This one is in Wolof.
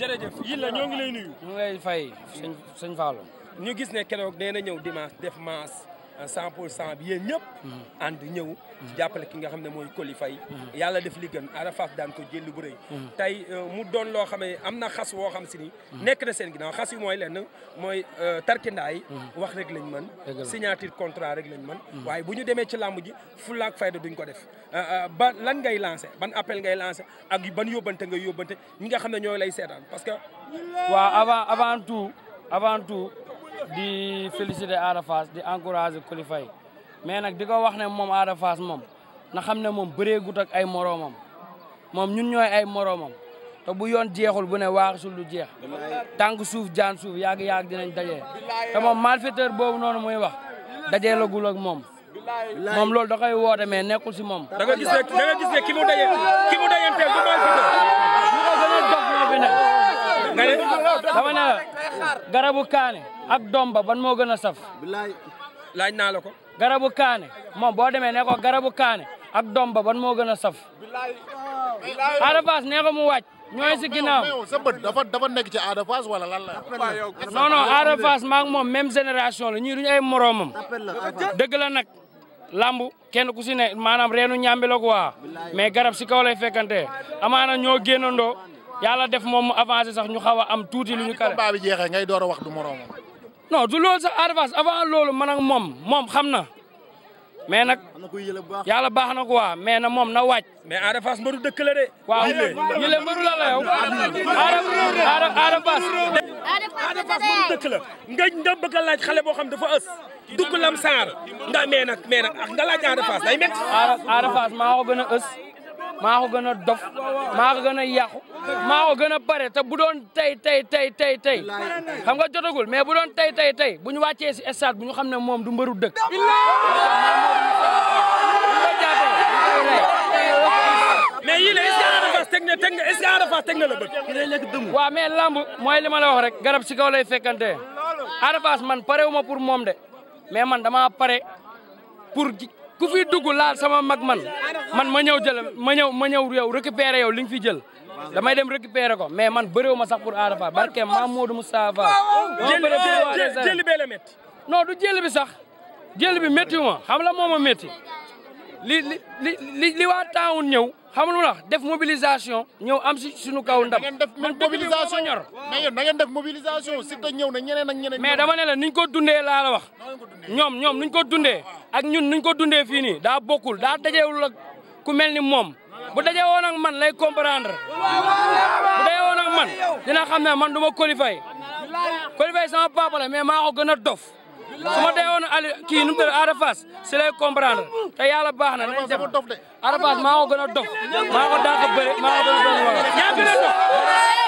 jërëjëf yi la ñoo ngi lay nuyu. ñu ngi fay sëñ sëñ Fallou. ñu gis ne keroog dee na ñëw dimanche def maas. cent pour cent ñëpp mm-hmm. ànd ñëw mm-hmm. jàppale ki nga xam ne mooy Coly Faye mm-hmm. la def li gën Arafat daan ko jël bu rëy tey euh, mu doon loo xam am na xas woo xam si ni nekk na seen ginnaaw xas yi mooy lenn mooy euh, tarkindaay wax rek lañ mën signature contrat rek lañ mën waaye bu ñu demee ci làmb ji fulla ak fayda duñ ko def euh, ba lan ngay lancé ban appel ngay lancé ak ban yóbbante ngay yóbbante ñi nga xam ne ñoo lay seetaan parce que waaw avant tout avant tout di féliciter Ada Fass di encourager Coly Faye mais nag di ko wax ne moom Ada Fass moom na xam ne moom bëreegut ak ay moroomam moom ñun ñooy ay moroomam te bu yoon jeexul bu ne waaxasul du jeex tànk suuf jaan suuf yàgg-yàgg dinañ dajee te moom malfaiteur boobu noonu muy wax dajee lagul ak moom moom loolu da koy woote mais nekkul si moom da nga gis ne da nga gis ne ki mu ak ba ban moo gën a saf. bilaay laaj naa la ko. garabu kaane moom boo demee ne ko garabu kaane ak doom ba ban moo gën a saf. Ada Fass nee ko mu wàcc. ñooy si ginnaaw sa bët dafa dafa nekk ci Ada Fass wala lan la. non non Ada Fass moom même génération la ñii duñu ay moroomam. dëgg la nag. lambu kenn ku si ne maanaam reenu ñàmbi la quoi mais garab si kaw lay fekkante amaana ñoo génnandoo yàlla def moom mu avancé sax ñu xaw a am tuuti lu ñu kare. combat jeexee ngay door a wax du moroomam. non du loolu sax Arafas avant loolu man ak moom moom xam na mais nag yàlla baax na quoi mais na moom na wàcc. mais Arafas mbaru dëkk la de. waaw yile mbaru la la yow. mbaru dëkk la. nga nga bëgg a laaj xale boo xam dafa ës. dugg lam saar nga mais nag mais nag ah, nga laaj Arafas day métti. Arafas maa ko gën a ës. maa gën a dof maa ko gën a yàqu maa gën a bare te bu doon tey tey tey tey tey xam nga jotagul mais bu doon tey tey tey bu ñu wàccee si stade bu ñu xam ne moom du mbëru dëkk mais yii la est-ce que Ada Fass teg na la bëgg. ki lay lekk mooy li ma la wax rek garab si kaw lay fekkante Ada man pare wu ma pour moom de mais man dama pare pour ku fi dugg laal sama mag man man ma ñëw jël ma ñëw ma ñëw yow récupérer yow li nga fi jël damay dem récupérer ko mais man bëréew ma sax pour Ada Fass barke Mamadou Moustapha Fall jëli bee la métti non du jëli bi sax jëli bi métti ma xam la moo ma métti li li li li waa taawun ñëw xam lu wax def mobilisation ñëw am si suñu kaw ndam. na ngeen def mobilisation ñor. na ngeen def mobilisation si te ñëw na ñeneen ak ñeneen. mais dama ne la niñ ko dundee laa la wax. ñoom ñoom nuñ ko dundee. ak ñun nuñ ko dundee fii nii daa bokkul daa dajewul ak ku mel ni moom bu daje woon man lay comprendre bu daje woon man dina xam ne man duma ma qualifié qualifié sama papa mais maa ko gën a dof su ma dee woon ali kii nu mu tëdd Ada Fass si lay comprendre te yàlla baax na nañ def Ada Fass maa ko gën a dof maa ko dàq bëre maa ko gën a dof